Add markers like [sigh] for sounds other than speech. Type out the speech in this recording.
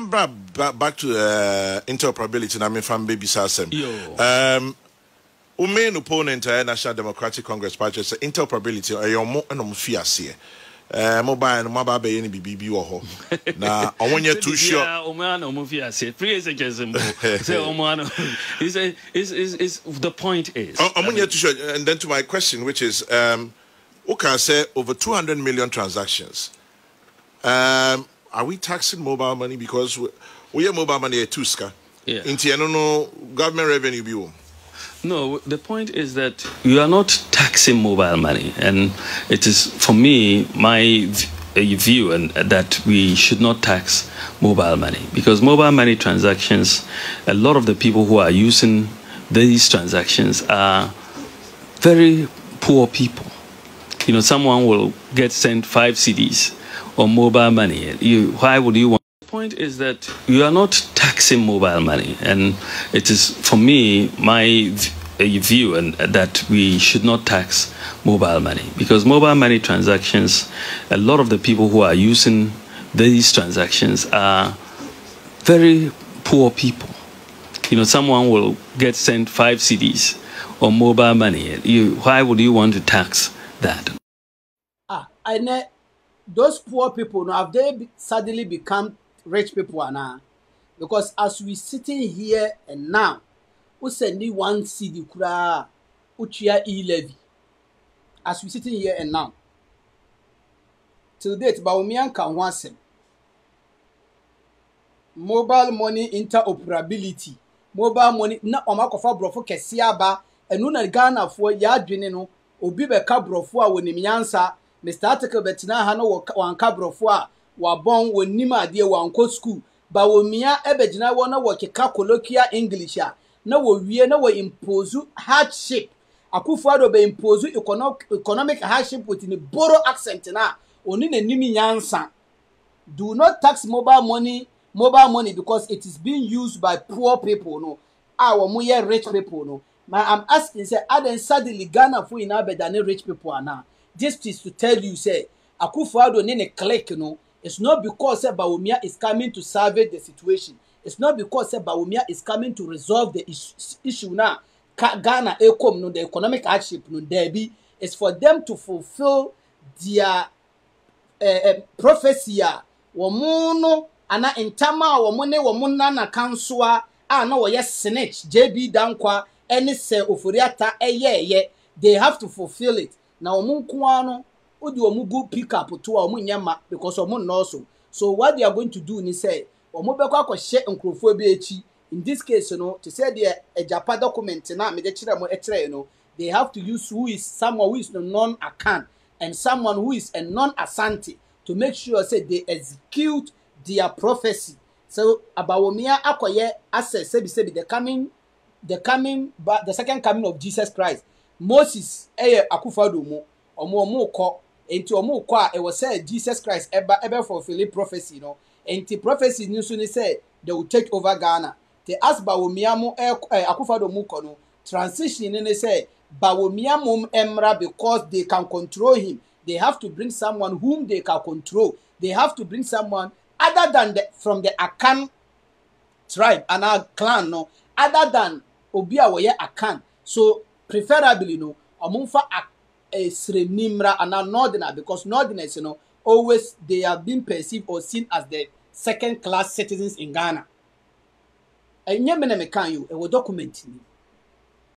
mbra back to uh, interoperability na mefa mbɛbisa asɛm um, wo main opponent uh, national democratic congress party sɛ interoperability ɛyɛ eh, ɔmo ɛna eh, ɔmo fi aseɛ Uh, eh, mobile no maba abɛyɛ [laughs] no biribi wɔ hɔ na ɔmo nyɛ too sure ɔmo ana ɔmo fi ase free is against mbo sɛ ɔmo ana is is is the point is ɔmo nyɛ too sure and then to my question which is um, woka say over two hundred million transactions um, are we taxing mobile money because we, we have mobile money at Tuska? Yeah. In no government revenue bill. No, the point is that you are not taxing mobile money, and it is for me my view and uh, that we should not tax mobile money because mobile money transactions, a lot of the people who are using these transactions are very poor people. You know, someone will get sent five CDs or mobile money. You, why would you want? The point is that you are not taxing mobile money, and it is for me my view and that we should not tax mobile money because mobile money transactions, a lot of the people who are using these transactions are very poor people. You know, someone will get sent five CDs or mobile money. You, why would you want to tax that? Ah, I know. those poor people now have they suddenly become rich people now? Because as we sitting here and now, we send one CD kura uchia e levy. As we sitting here and now. Till date, but we can once mobile money interoperability mobile money na ɔmo akɔfa borɔfo kɛse aba ɛnu na ghanafoɔ yɛ adwene no obi bɛka borɔfo a wɔnim nyansa mr article bɛtena ha no wɔnka borɔfo a wɔabɔn wɔnim adeɛ wɔankɔ sukuu ba wɔmia bɛgyina hɔ na wɔkeka colloquial english a na wɔwie na wɔ impose hardship akufo ado bɛ impose economic hardship with ne boro accent na oni n'anim nyansa do not tax mobile money mobile money because it is being used by poor people no a wɔn yɛ rich people no ma am asking sɛ adan suddenly ghana fo nyinaa bɛ da ne rich people ana. This is to tell you, say, Akufo-Addo ne ne clique no, it's not because say, Bawumia is coming to survey the situation. It's not because say, Bawumia is coming to resolve the issue now. Ghana, Ekom, no, the economic hardship, no, there be. It's for them to fulfill their uh, prophecy a ah. ana ntam a wɔn na wɔn nana kansoa a ah, na snitch jb dankwa ne sɛ ofori ata eh, yɛɛyɛ they have to fulfil it na wɔn nko ara no wodi wɔn gu pickup to a wɔn nyɛ ma because wɔn nnɔɔso so what they are going to do ni sɛ wɔn bɛkɔ akɔhyɛ nkurɔfoɔ bi akyi in this case no te sɛ deɛ ɛgyapa document na mede kyerɛ mo kyerɛ no they have to use who is someone who is a non-akan and someone who is a non-asante to make sure say they execute their prophecy so abawomia akɔyɛ access sebisebi the coming the coming the second coming of jesus christ moses yɛ akufado mu wɔn wɔn kɔ nti wɔn kɔ a ɛwɔ sɛ jesus christ ɛba ɛbɛfɔfili prophesy no nti prophesy no nso ne sɛ they will take over ghana te as bawomia mu ɛɛ akufado mu kɔ no transition ne ne sɛ bawomia mu because they can control him they have to bring someone whom they can control they have to bring someone other than the from the akan tribe and our clan no other than obi a wɔyɛ akan so preferably no ɔmomfa esreni eh, mmra anaa northerner because northerners no always they have been perceived or seen as the second class citizens in ghana ɛnyɛ eh, me na mekan yi o document ni.